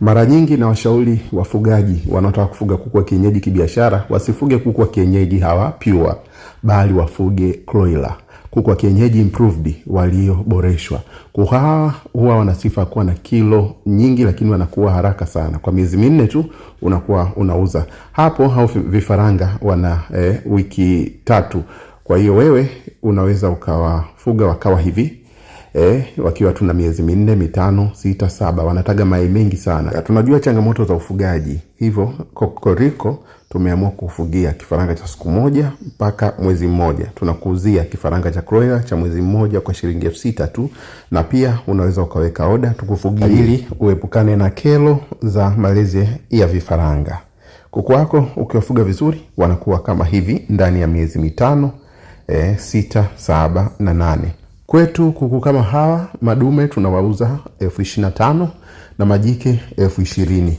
Mara nyingi na washauri wafugaji wanaotaka kufuga kuku wa kienyeji kibiashara, wasifuge kuku wa kienyeji hawa pure, bali wafuge broiler, kuku wa kienyeji improved, walioboreshwa. Kuku hawa huwa wana sifa kuwa na kilo nyingi, lakini wanakuwa haraka sana. Kwa miezi minne tu unakuwa unauza hapo. au vifaranga wana eh, wiki tatu. Kwa hiyo wewe unaweza ukawafuga wakawa hivi eh, wakiwa tuna miezi minne, mitano, sita, saba, wanataga mayai mengi sana. Tunajua changamoto za ufugaji, hivyo Kokoriko tumeamua kufugia kifaranga cha siku moja mpaka mwezi mmoja. Tunakuuzia kifaranga cha broiler cha mwezi mmoja kwa shilingi elfu sita tu, na pia unaweza ukaweka oda tukufugia ili uepukane na kelo za malezi ya vifaranga. Kuku wako ukiwafuga vizuri wanakuwa kama hivi ndani ya miezi mitano, e, sita, saba na nane. Kwetu kuku kama hawa madume tunawauza elfu ishirini na tano na majike elfu ishirini.